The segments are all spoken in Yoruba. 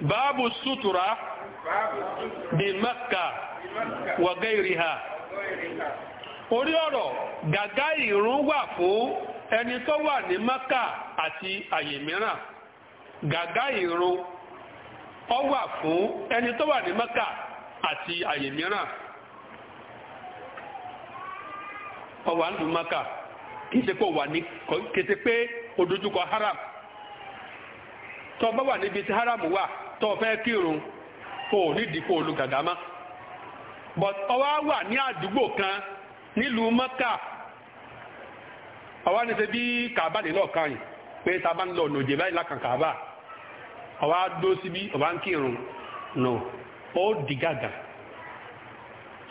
باب السترة بمكة وغيرها orí ọ̀rọ̀ gàgá ìrun wà fún ẹni tó wà ní maka àti àyè mìíràn gàgá ìrun ó wà fún ẹni tó wà maka àti àyè mìíràn ó maka kìí ṣe pé haram tó bá wà níbi tí haram wà tó fẹ́ kírun kò but ọwá wà ní àdúgbò kan nílùú mọ́kà ọwá ní ṣe bí kàbá nílò kan yìí pé ta ń lọ ònà òjèbá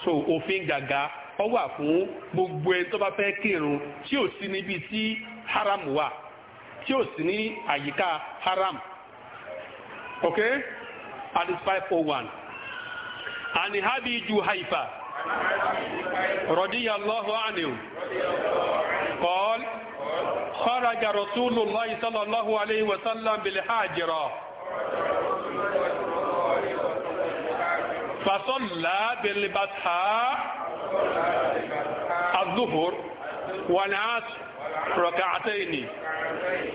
so òfin gàgà ọ fún gbogbo ẹni tó bá fẹ́ kírun tí ò sí níbi tí haram wà tí ò sí ní haram Okay? and it's 501. عن أبي جهيفة رضي الله عنه قال خرج رسول الله صلى الله عليه وسلم بالحاجرة فصلى بالبطحاء الظهر والعصر ركعتين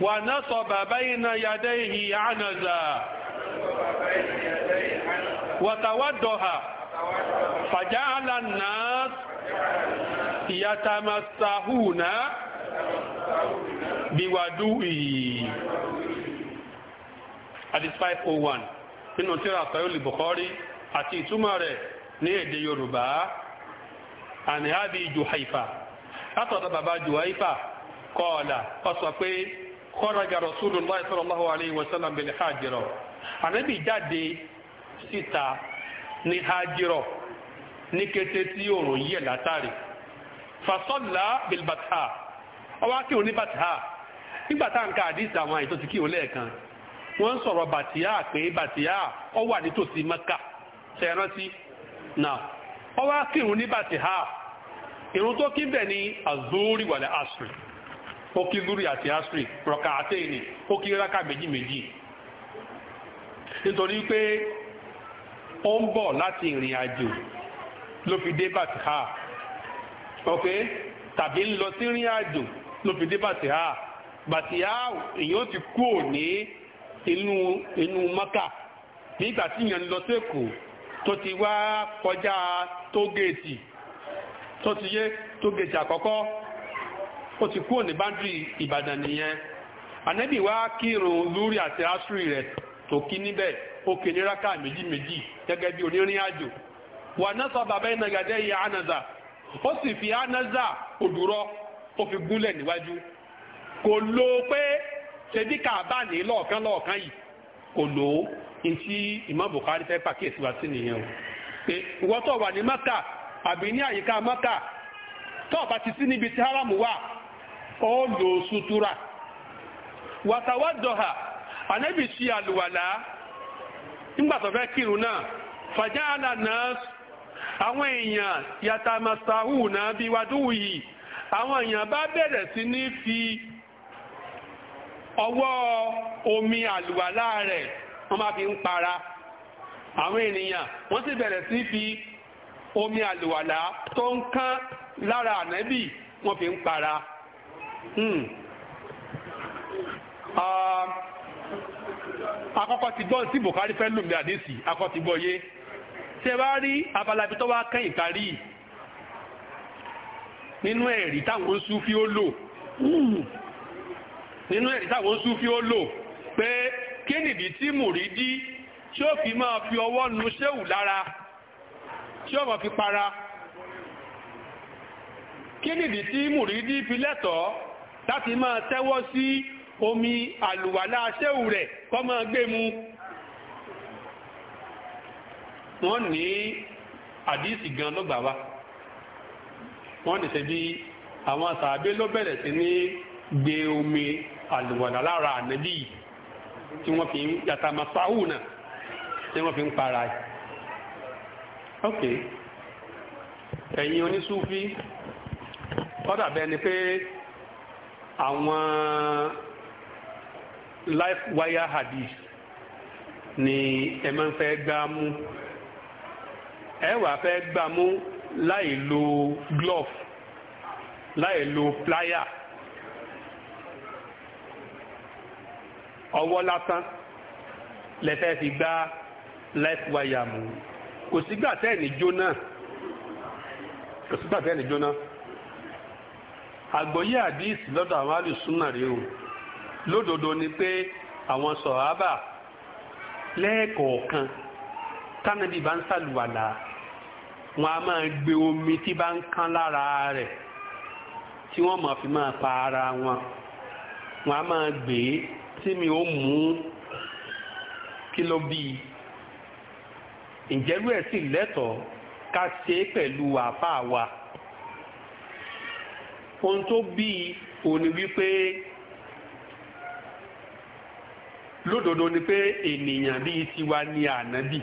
ونصب بين يديه عنزا wàtàwádọ́hà fàjáàlà náà ìyàtàmásàhùnà bíwádú ìyí. Hadith 501 nínú tíra àfẹ́yọ́lì Bukhari àti ìtumọ̀ rẹ̀ ní èdè Yorùbá àni àbí Juhaifa. Látọ̀dọ̀ bàbá Juhaifa kọ́ọ̀lá, ó sọ pé, Kharaja Rasulullah sallallahu alayhi wa sallam bil hajira. ànábì jáde síta ní hajirọ ní kété tí òòrùn yẹ látàrí fasọ́là bilbata ọwọ́ akíwò ní bàtà nígbà tá à ń ka àdìsí àwọn àìtó ti kíwò lẹ́ẹ̀kan wọ́n ń sọ̀rọ̀ bàtíyà pé bàtíyà ọ wà nítòsí mẹ́kà ṣẹ̀rántí náà ọ wá kírun ní bàtíyà irun tó kí bẹ̀ ní azuri wàlẹ̀ asri ó kí zúrì àti asiri rọ̀kà àtẹ́yìnì ó kí rákà méjì nítorí pé ó ń bọ̀ láti ìrìn àjò ló fi dé bàtìhà ok tàbí ń lọ sí ìrìn àjò ló fi dé bàtìhà bàtìhà èyí ó ti kú òní inú inú mọ́kà nígbà tí èèyàn lọ sí èkó tó ti wá kọjá tógéètì tó ti yé tógéètì àkọ́kọ́ ó ti kú òní báńdì ìbàdàn nìyẹn ànẹ́bì wá kírun lórí àti asúrì rẹ̀ tó kí níbẹ̀ ó kéde rákà méjì gẹ́gẹ́ bí àjò wà bàbá gàdé yìí anaza ó sì fi anaza òdùrọ ó fi gúnlẹ̀ níwájú kò lo pé ṣebí kàbá ní lọ́ọ̀kan lọ́ọ̀kan yìí kò lò ó fẹ́ ní Maka àbí Maka tó ti sí níbi tí haramu wà ó lò ànábì ti àlùwàlá nígbà tó fẹ́ kírun náà fàjá àlànà àwọn èèyàn yàtà masahu náà bí wàdúwù yìí àwọn èèyàn bá bẹ̀rẹ̀ sí ní fi ọwọ́ omi àlùwàlá rẹ̀ wọ́n máa fi ń para àwọn ènìyàn wọ́n sì bẹ̀rẹ̀ sí fi omi àlùwàlá tó ń kán lára ànábì wọ́n fi ń para. Hmm. Uh, akọ́kọ́ ti gbọ́ tí Buhari fẹ́ lòmìnira dé sí akọ́ ti gbọ́ yé tẹ bá rí abalabi tó wá kẹ́yìn parí nínú ẹ̀rí táwọn Súfí ó lò nínú ẹ̀rí táwọn Súfí ó lò pé kí nìdí tí mùrídí tí ó fi máa fi ọwọ́ nu ṣéwù lára tí ó máa fi para kí nìdí tí mùrídí fi lẹ́tọ̀ọ́ láti máa tẹ́wọ́ sí omi àlùwàlá aṣẹ́wù rẹ̀ kọ́ máa gbé mu wọ́n ní àdíìsì gan ló gbà wá wọ́n ní ṣe bí àwọn sàábé ló bẹ̀rẹ̀ sí ní gbé omi àlùwàlá lára ànábì tí wọ́n fi ń yàtà masáwù náà tí wọ́n fi ń para ok ẹ̀yin onísúfí ó pé àwọn life wire hadith ni ẹ máa ń fẹ́ gbá mú ẹ wà fẹ́ gbá mú láì lo glove láì lo plier ọwọ́ lásán lẹ fẹ́ fi gbá life wire mú kò sígbà tẹ́ ẹ̀ ní jóná kò sígbà tẹ́ ẹ̀ ní jóná àgbọ̀yé àdìsí lọ́dọ̀ àwọn alùsùn náà rèé o lódodo ni pé àwọn sọ̀hábà lẹ́ẹ̀kọ̀ọ̀kan tánàbí bá ń sàlùwàlà wọn a máa gbé omi tí bá ń kán lára rẹ̀ tí wọ́n máa fi máa pa ara wọn wọn a máa gbé tí mi ò mú kí ló bí ìjẹ́rú ẹ̀ sì lẹ́tọ̀ọ́ ká ṣe pẹ̀lú àfáà wa ohun tó bí òní wípé lódodo ni pé ènìyàn bíi tiwa ni ànábì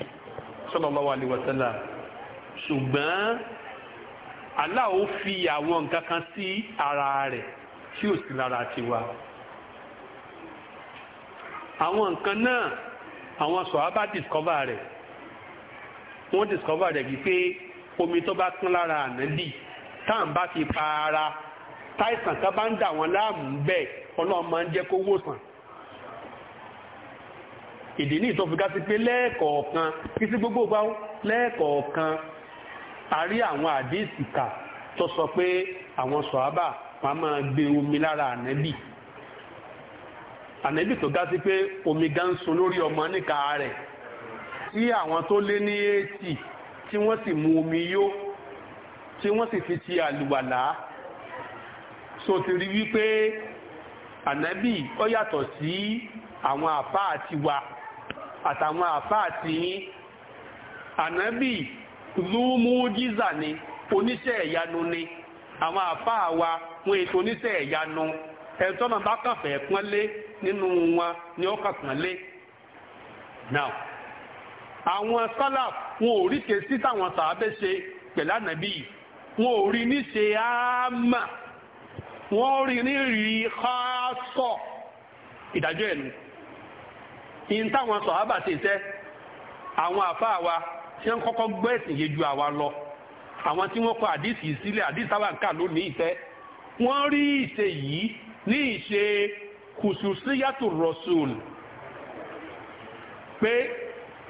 sallallahu alaihi wasallam ṣùgbọ́n Allah ó fi àwọn nǹkan kan sí ara rẹ̀ tí ò sí lára tiwa àwọn nǹkan náà àwọn sọ̀hábà discover rẹ̀ wọ́n discover rẹ̀ wípé omi tó bá kún lára ànábì táwọn bá fi pa ara táìsàn kan bá ń dà wọ́n láàmú bẹ́ẹ̀ ọlọ́run máa ń jẹ́ kó wòsàn ìdí ní ìtọ́fíká sí pé lẹ́ẹ̀kọ̀ọ̀kan kí sí gbogbo gbá lẹ́ẹ̀kọ̀ọ̀kan a rí àwọn àdéhìsì kà tó sọ pé àwọn sọ̀hábà wọn máa gbé omi lára ànẹ́bì ànẹ́bì tó ga sí pé omi gan ń sun lórí ọmọ níka rẹ̀ tí àwọn tó lé ní eighty tí wọ́n sì mu omi yó tí wọ́n sì fi ti àlùwàlá so ti rí wípé ànẹ́bì ó yàtọ̀ sí àwọn àfáà tiwa àtàwọn àfáà tí yín ànábì lúmújíza ni oníṣẹ́ ìyanu ni àwọn àfáà wa wọn ètò oníṣẹ́ ìyanu ẹ̀tọ́ náà bá kàn fẹ́ pọ́nlé nínú wọn ni ó kàn pọ́nlé. now àwọn sálàf wọn ò rí kèsí táwọn sàábẹ́ ṣe pẹ̀lú ànábì wọn ò rí níṣe àmà wọn ò rí ní rí kásọ̀ ìdájọ́ ẹ̀ nù in táwọn sọ̀hábà ti tẹ́ àwọn àfáà wa tí wọ́n kọ́kọ́ gbọ́ ẹ̀sìn yé ju àwa lọ àwọn tí wọ́n kọ àdìsí sílẹ̀ àdìsí àwọn nǹkan lónìí ìtẹ́ wọ́n rí ìṣe yìí ní ìṣe kùsùsíyàtò rọ̀ṣùl pé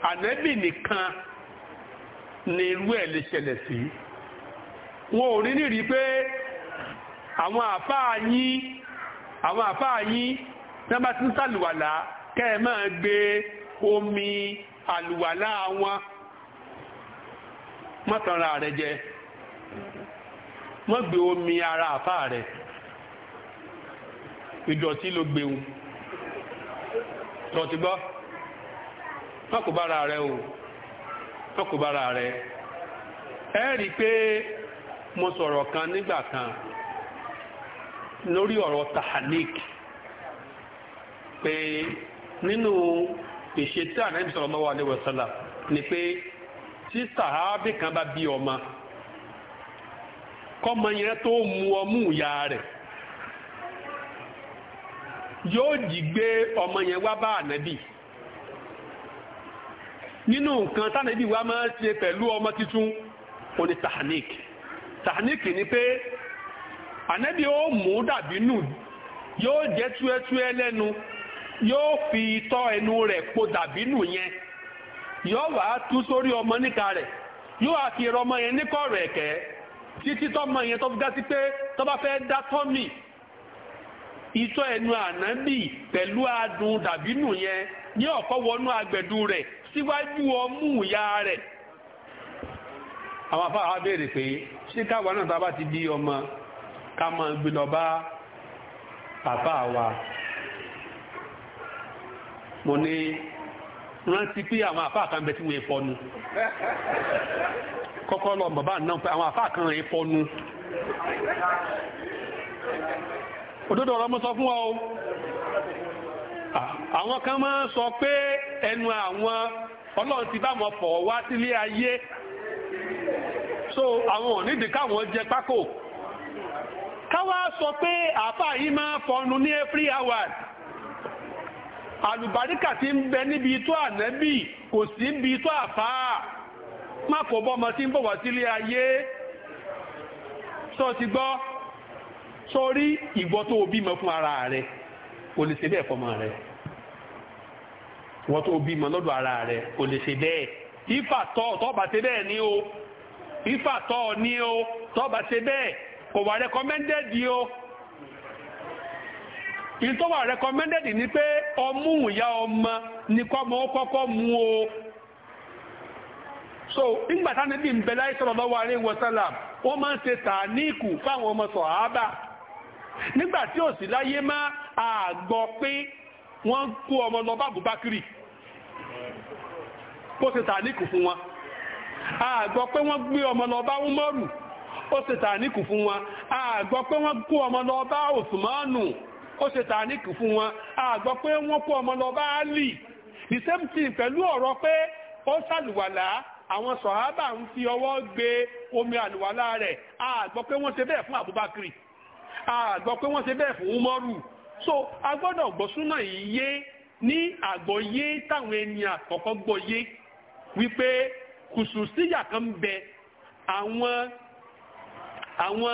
ànẹ́bì nìkan ni irú ẹ̀ lè ṣẹlẹ̀ sí wọn ò rí nìrí pé àwọn àfáà yín àwọn àfáà yín tí wọ́n bá ti ń sàlùwàlà kẹ́ máa gbé omi àlùwàlá wọn mọ́tànra rẹ jẹ wọ́n gbé omi ara àfa rẹ ìdọ̀tí ló gbéwu tọ́tí gbọ́ wọ́n kò rẹ o wọ́n kò rẹ ẹ rí pé mo sọ̀rọ̀ kan nígbà kan lórí ọ̀rọ̀ tahanik pé nínú ìṣe tí ànábì sallallahu alaihi wasallam ni pé tí sàhábì kan bá bí ọmọ kọ́mọ yẹn tó mu ọmú ìyá rẹ̀ yóò jí gbé ọmọ yẹn wá bá ànábì nínú nǹkan tánàbì wa máa ń ṣe pẹ̀lú ọmọ tuntun ó ní tahnik tahnik ni pé ànábì ó mú dàbí nù yóò jẹ́ túẹ́túẹ́ lẹ́nu yóò fi itọ́ ẹnu rẹ̀ po dàbínù yẹn yóò wá tú sórí ọmọ níka rẹ̀ yóò wá fi rọmọ yẹn níkọ̀rọ̀ ẹ̀kẹ́ títí tọ́mọ yẹn tó fi dá sí pé tó bá fẹ́ dá tọ́mì itọ́ ẹnu ànábì pẹ̀lú adùn dàbínù yẹn ní ọ̀kọ́ wọnú agbẹ̀dù rẹ̀ síwájú ọmú ìyá rẹ̀ àwọn afáwà béèrè pé ṣé káwa náà tá a bá ti bí ọmọ ká máa gbé lọ bá bàbá wa mo ní rántí pé àwọn àfáà kan bẹ tí wọ́n fọnu kọ́kọ́ lọ bàbá náà pé àwọn àfáà kan rẹ̀ fọnu òdodo ọ̀rọ̀ mo sọ fún wa ah, àwọn kan máa ń sọ pé ẹnu àwọn ọlọ́run ti bá wọn fọ̀ wá sílé ayé so àwọn ò nídìí káwọn jẹ pákó káwá sọ pé àfáà yìí máa fọnu ní every hour àlùbáríkà tí ń bẹ níbi itọ́ ànẹ́bì kò sí níbi itọ́ àfáà má kò bọ́mọ tí ń bọ̀ wá sílé ayé sọ ti gbọ́ sọrí ìgbọ́ tó o bímọ fún ara rẹ kò lè ṣe bẹ́ẹ̀ fọmọ rẹ ìwọ tó o bímọ lọ́dọ̀ ara rẹ kò lè ṣe bẹ́ẹ̀ ifá tọ́ tọ́ bá ṣe bẹ́ẹ̀ ni o ifá tọ́ ni o tọ́ ṣe bẹ́ẹ̀ kò wà rẹ́kọ́mẹ́ndẹ́ẹ̀dì o ìyí tó recommended ni pé ọmú ìyá ọmọ ní kọ́mọ ó kọ́kọ́ mú o so ìgbàtà níbi ìbẹ̀lá sallallahu alaihi wasallam wọ́n máa ń ṣe tàníìkù fáwọn ọmọ sọ̀háábà nígbàtí ò sí láyé má àgbọ́ pé wọ́n kó ọmọ lọ bá Abubakiri kó ṣe tàníìkù fún wọn àgbọ́ pé wọ́n gbé ọmọ lọ bá Umaru ó ṣe tàníìkù fún wọn àgbọ́ pé wọ́n kó ọmọ lọ bá Usmanu ó ṣe tàníkì fún wọn a gbọ́ pé wọ́n kó ọmọ lọ bá Àlì the same thing pẹ̀lú ọ̀rọ̀ pé ó ṣàlùwàlá àwọn sọ̀hábà ń fi ọwọ́ gbé omi àlùwàlá rẹ̀ a gbọ́ pé wọ́n ṣe bẹ́ẹ̀ fún Abubakar a gbọ́ pé wọ́n ṣe bẹ́ẹ̀ fún Umaru so a gbọ́dọ̀ gbọ́ súnà yìí yé ní àgbọ́yé táwọn ènìyàn àkọ́kọ́ gbọ́yé wípé kùsùsíyà kan bẹ àwọn àwọn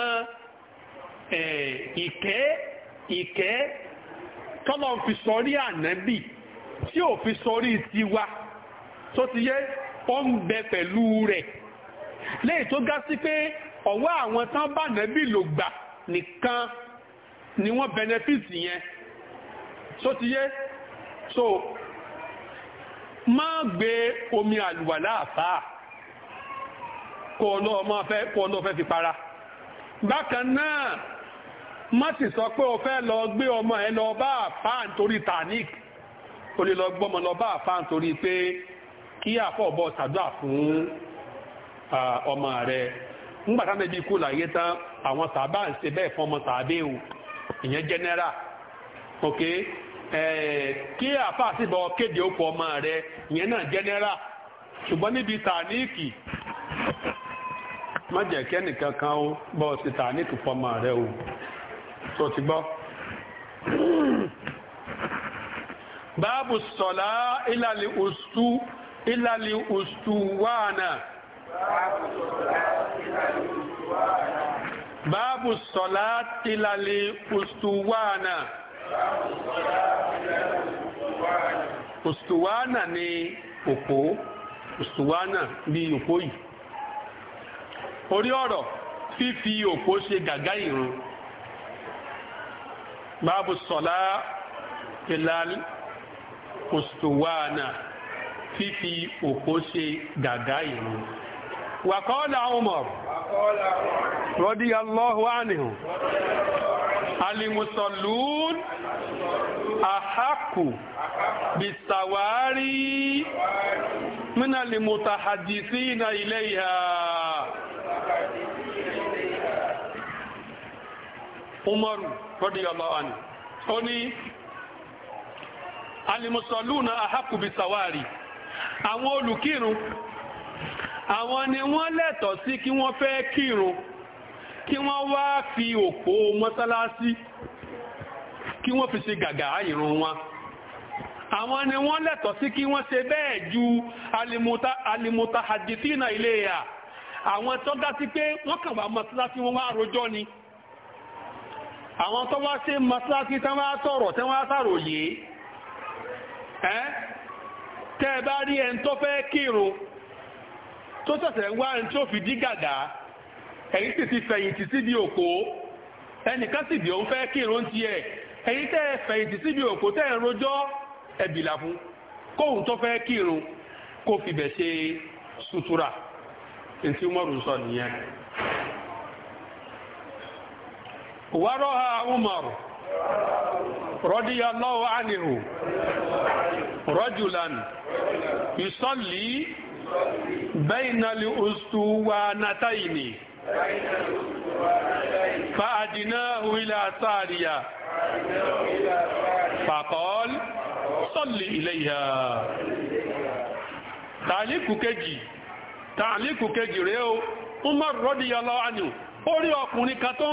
ìkẹ́ ìkẹ́ tọ́lọ̀ fi sọrí ànábì tí ò fi sọrí tiwa tó ti yẹ ó ń bẹ pẹ̀lú rẹ̀ lẹ́yìn tó gá sí pé ọ̀wọ́ àwọn tán bá ànábì lò gbà nìkan ni wọ́n benefit yẹn tó ti yẹ so má gbé omi àlùwàlá àfáà kó lọ́ọ́ fẹ́ fi para bákan náà má sì sọ pé o fẹ́ lọ gbé ọmọ ẹ lọ bá àfáà nítorí tanik o lè lọ gbọ́mọ lọ bá àfáà nítorí pé kí àfọ́ ọ̀bọ ṣàdúrà fún ọmọ rẹ ńgbà tá mẹ́bí kú láyé tán àwọn sàbá ń ṣe bẹ́ẹ̀ fún ọmọ sàbẹ́ o ìyẹn jẹ́nẹ́rà ok kí àfáà sì bọ kéde ọmọ rẹ ìyẹn náà jẹ́nẹ́rà fọmọ rẹ o. tó ti gbọ́. báàbù sọ̀lá ìlàlì òṣù ìlàlì òṣù wáànà. báàbù sọ̀lá ìlàlì òṣù wáànà. òṣùwánà ni òpó òṣùwánà bí òpó yìí orí ọ̀rọ̀ fífi òpó ṣe gàgá ìrun báàbù sọ̀lá ìlànà kòsìtòwáàna fífi òpó ṣe gàgá ìrun wàkọ́ọ̀lá Umar radiyallahu anhu alimusallun ahaku bisawari minal mutahadithina ilayha umaru radiyallahu anhu ó ní alimusoluna ahakubi sawari àwọn olùkírun àwọn ni wọ́n sí kí wọ́n fẹ́ kírun kí wọ́n wá fi òpó mọ́sálásí kí wọ́n fi se gàgà ìrun wọn àwọn ni wọ́n sí kí wọ́n ṣe bẹ́ẹ̀ ju alimuta ilé àwọn àwọn tó wá sí masáàkì tán wá tọ̀rọ̀ tán wá ẹ́ tẹ́ bá rí ẹn tó fẹ́ kírun tó ṣẹ̀ṣẹ̀ ń wá ẹn tó fi dí gàgà ẹ̀yìn sì ti fẹ̀yìntì síbi òkó ẹnìkan sì bí òun fẹ́ tẹ́ fẹ̀yìntì síbi òkó tẹ́ rojọ́ ẹ̀bìlà fún sutura sọ nìyẹn. ورها عمر رضي الله عنه رجلا يصلي بين الأسطوانتين فأدناه إلى سارية فقال صل إليها تعليق كجي تعليق كجي ريو عمر رضي الله عنه orí ọkùnrin kan tó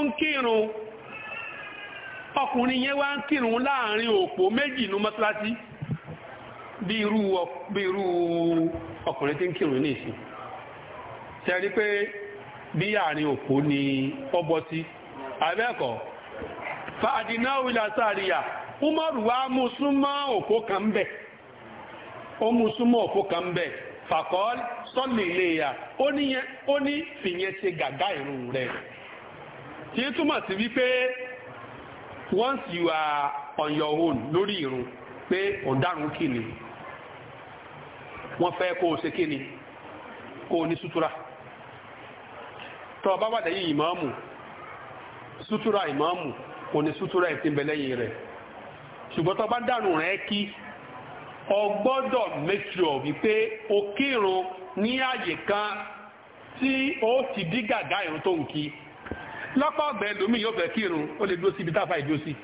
ọkùnrin yẹn wá ń kírun láàrin òpó méjì ní mọ́sálásí bí irú ọkùnrin tí ń kírun ní ìsìn tẹ́rí pé bí àárín òpó ni ọbọ̀ sí abẹ́ẹ̀kọ́ fàdínáwì lásàríyà umaru wá mú súnmọ́ òpó kan ń bẹ̀ ó mú súnmọ́ òpó kan ń bẹ̀ fàkọ́ọ́lì sọ́lì iléyà ó ní fìyẹn ṣe gàgá ìrun rẹ̀ kì í túmọ̀ sí wípé once you are on your own lórí irun pé ọ̀daràn kìíní wọ́n fẹ́ kó o ṣe kìíní kó o ní sutura tọ́ ọ bá wà lẹ́yìn ìmáàmù sutura ìmáàmù kò ní sutura ìtìmbẹ̀lẹ́yìn rẹ̀ ṣùgbọ́n tọ́ bá dànù rẹ̀ kí o gbọ́dọ̀ make sure wípé o kírun ní àyè kan tí o ti dí gàgá irun tó ń kí. lọ́pọ̀ ọ̀bẹ̀ lómi yóò o kírun ó lè dúró sí ibi táfà sí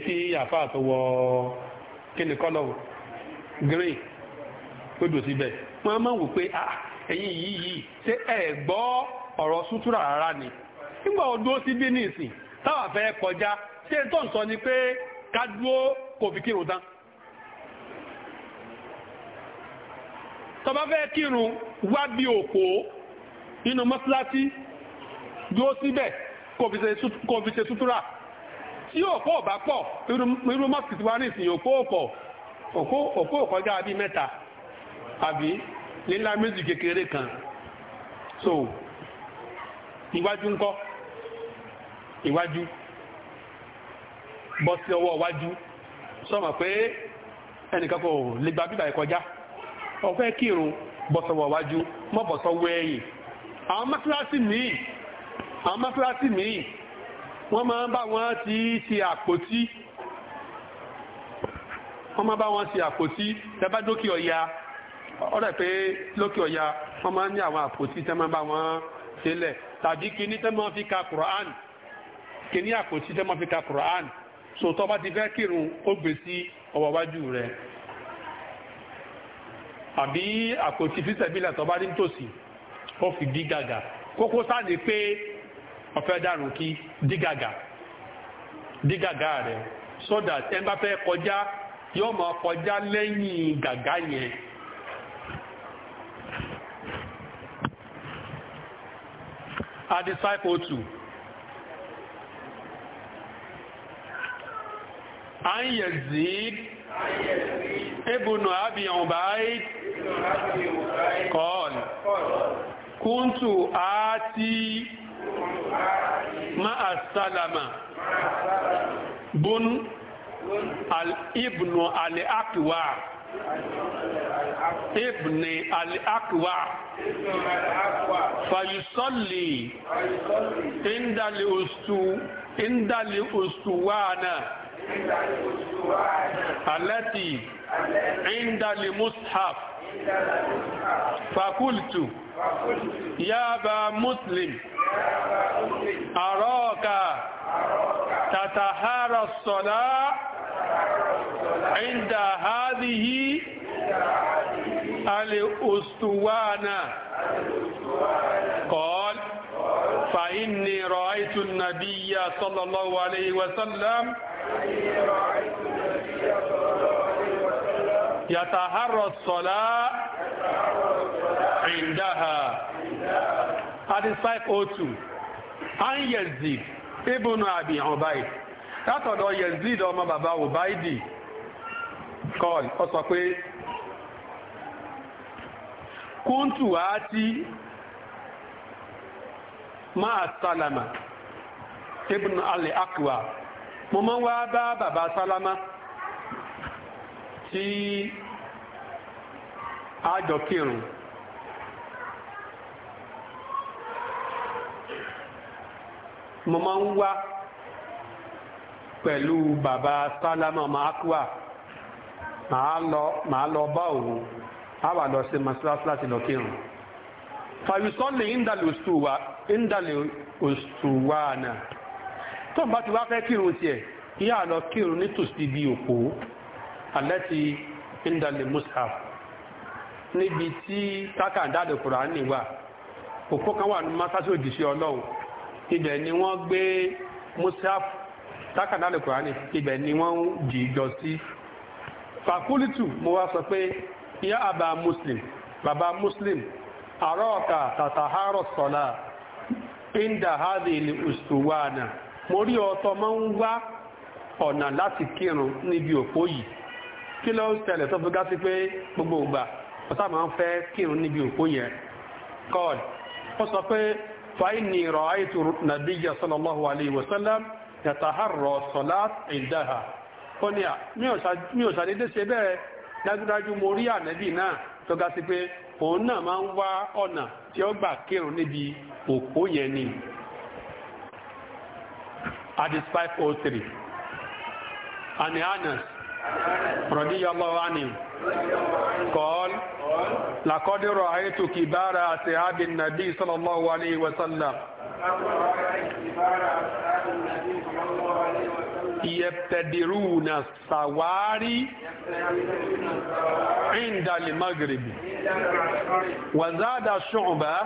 tí àfà tó wọ kíni kọ́lọ̀ grey ó dùn síbẹ̀ wọ́n máa ń wò pé ah, ẹ̀yìn yìí yìí ṣé ẹ̀ gbọ́ ọ̀rọ̀ ni nígbà ó dúró sí bí ní fẹ́ kọjá ṣé tó ń sọ ni pé ká kò fi kírun tán dúó síbẹ̀ kò fi ṣe sútúrà tí òpó ọ̀bá pọ̀ irú mọ́sí ti wá ní ìsìn òpó ọ̀pọ̀ òpó ọ̀kọjá bí mẹ́ta àbí nílá méjì kékeré kan so iwájú ńkọ́ iwájú bọ́ sí ọwọ́ iwájú sọ́mọ̀ pé ẹnìkan kò lè gba bíbà ìkọjá ọ̀fẹ́ kírun bọ́sọ̀wọ̀ iwájú mọ́bọ̀sọ̀wọ́ ẹ̀yìn àwọn mọ́sílásì míì àwọn mọ́sálásí míì wọ́n máa ń bá wọn ti ṣe àpótí wọ́n máa bá wọn ṣe àpótí tẹ́bá dókè ọ̀ya ọ̀rẹ́ pé lókè ọ̀ya wọ́n máa ń ní àwọn àpótí tẹ́ máa bá wọn sílẹ̀ tàbí kíní tẹ́ máa fi ka Quran kíní àpótí tẹ́ máa fi ka Quran so tó bá ti fẹ́ kírun ó gbé sí ọwọ́ wájú rẹ̀ àbí àpótí fíṣẹ̀bílẹ̀ tó bá ní tòsí ó fi bí gàgà kókó sáàdì pé ọ̀fẹ́ dàrú kí dígàgà dígàgà rẹ̀ so that ẹ bá fẹ́ kọjá yóò máa kọjá lẹ́yìn gàgá yẹn. a disciple two. an yazid ibùnà abi ọ̀báyé kúntù àti ma'a salama bun al-ibnu al-akwa ibn al-akwa fayusalli indali ustu indali ustuwana التي عند المصحف فقلت يا با مسلم أراك تتهارى الصلاة عند هذه الأسطوانة قال فإني رأيت النبي صلى الله عليه وسلم yàtàhárọ̀ sọ̀lá ìdáhà àti 502 an Yazid ibùnú àbí ọ̀báyì látọ̀dọ̀ Yazid ọmọ bàbá ọ̀báyìdì kọ́ọ̀lì ó sọ pé kúntù àti máa sálàmà ibùnú alẹ́ àkùwà mo mọ́ wá bá bàbá sálàmà tí àjọ kírun mo máa ń wá pẹ̀lú bàbá sálámà máàkúà màá lọ bá òun á wà lọ sí masalasi láti lọ kírun fàyùsọ́ọ̀lì ìndàlẹ̀ òṣùwà náà tó bá ti wá fẹ́ kírun tiẹ̀ a lọ kírun nítòsí bí òpó. alẹ́tì indali mushaf níbi tí tákàndáàdì kùránì wa òkú kan wà ní masasi òjìṣẹ́ ọlọ́run ibẹ̀ ni wọ́n gbé mushaf tákàndáàdì kùránì ibẹ̀ ni wọ́n jì jọ sí fàkúlìtù mo wá sọ pé yá àbá muslim bàbá muslim àrọ́ọ̀kà tàtàhárọ̀ sọ̀lá ìndà hádìí ilẹ̀ mo rí ọtọ ń wá ọ̀nà láti kírun níbi òpó kí ló ń tẹ̀lẹ̀ tó fi gá sí pé gbogbo ìgbà ó sábà máa ń fẹ́ kírun níbi òpó yẹn kọ́ọ̀d ó sọ pé fàáyín ní ìrọ̀ àìtù nàbíyà sallallahu alayhi wa sallam yàtà àrọ̀ sọ̀lá ìdáhà ó ní à mi ò ṣàdédé ṣe bẹ́ẹ̀ dájúdájú mo rí ànẹ́bì náà tó ga sí pé òun náà máa ń wá ọ̀nà tí ó gbà kírun níbi òpó yẹn ni hadith 503 and Anas رضي الله عنه قال لقد رأيت كبار أصحاب النبي صلى الله عليه وسلم يبتدرون السواري عند المغرب وزاد الشعبة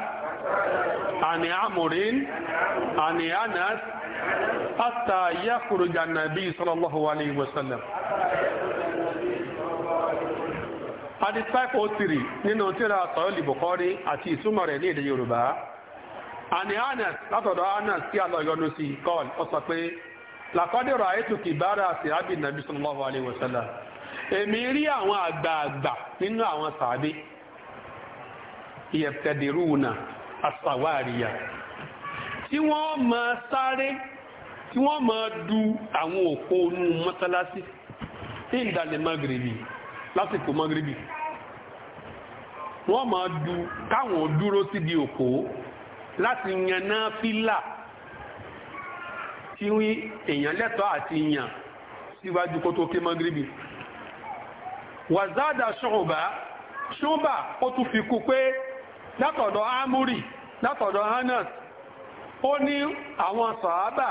عن عمر عن أنس حتى يخرج النبي صلى الله عليه وسلم a five oh three nínú tíra sọ̀rọ̀lì bukhari àti ìtumọ̀ rẹ̀ ní èdè yorùbá àní anas látọ̀dọ̀ anas tí a lọ yọnu sí kọ́ọ̀lù ó sọ pé làkọ́dẹ̀rọ̀ àyètò kìbára sí abi nàbí sallallahu alaihi wasallam èmi rí àwọn àgbààgbà nínú àwọn sàábé sáré du ìdàlẹ̀ magrebi lásìkò magrebi wọ́n máa du káwọn dúró síbi òkó láti yan náà fílà tí èèyàn lẹ́tọ̀ọ́ àti yàn síwájú kó tó ké magrebi wàzádà ṣọ́ọ̀bá ṣọ́ọ̀bá ó tún fi kú pé látọ̀dọ̀ amúrì látọ̀dọ̀ Anas ó ní àwọn sàábà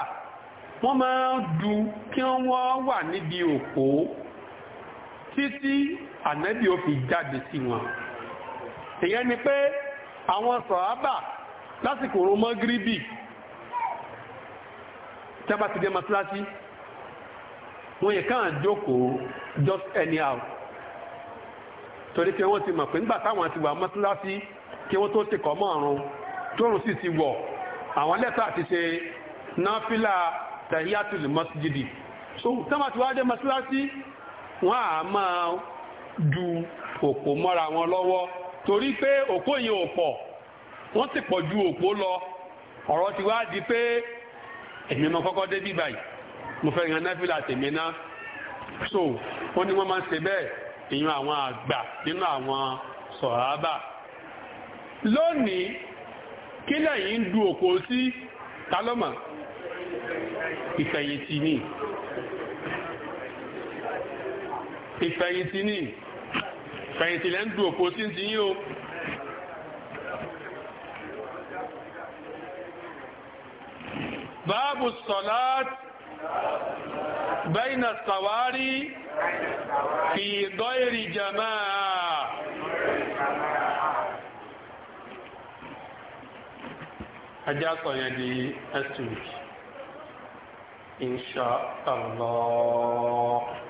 wọ́n máa du kí wọ́n wà níbi òkó títí ànábì ó fi jáde sí wọn èyàn ni pé àwọn sọ̀hábà lásìkò òun mọ́gíríbì tábà ti dé mọ́síláṣí wọ́n yẹ káà jókòó just anyhow torí pé wọ́n ti mọ̀ pé nígbà táwọn ti wà mọ́síláṣí kí wọ́n tó ti kọ́ mọ́ ọ̀run tóòrùn sì ti wọ̀ àwọn lẹ́tà ti ṣe náfìlà tahiyatul masjidi so tábà ti wá dé mọ́síláṣí wọ́n á máa du òpó mọ́ra wọn lọ́wọ́ torí pé òpó yẹn ò pọ̀ wọ́n sì pọ̀ ju òpó lọ ọ̀rọ̀ ti wá di pé èmi mo kọ́kọ́ dé bíbá yìí mo fẹ́ yan náfìlà tèmi ná so wọ́n ní wọ́n máa ń ṣe bẹ́ẹ̀ ìyẹn àwọn àgbà nínú àwọn sọ̀hábà lónìí kí lẹ́yìn ń du òpó sí tálọ́mà ìfẹ̀yìntì ni ìfẹ̀yìntì ní ìfẹ̀yìntì lẹ́ ń du òpó sí ti yín o. báàbù sọ̀láàt bẹ́ẹ̀nà sàwárí fi ìdọ́ èrì jàmáà. ajá sọ̀yẹ̀ di next week insha Allah.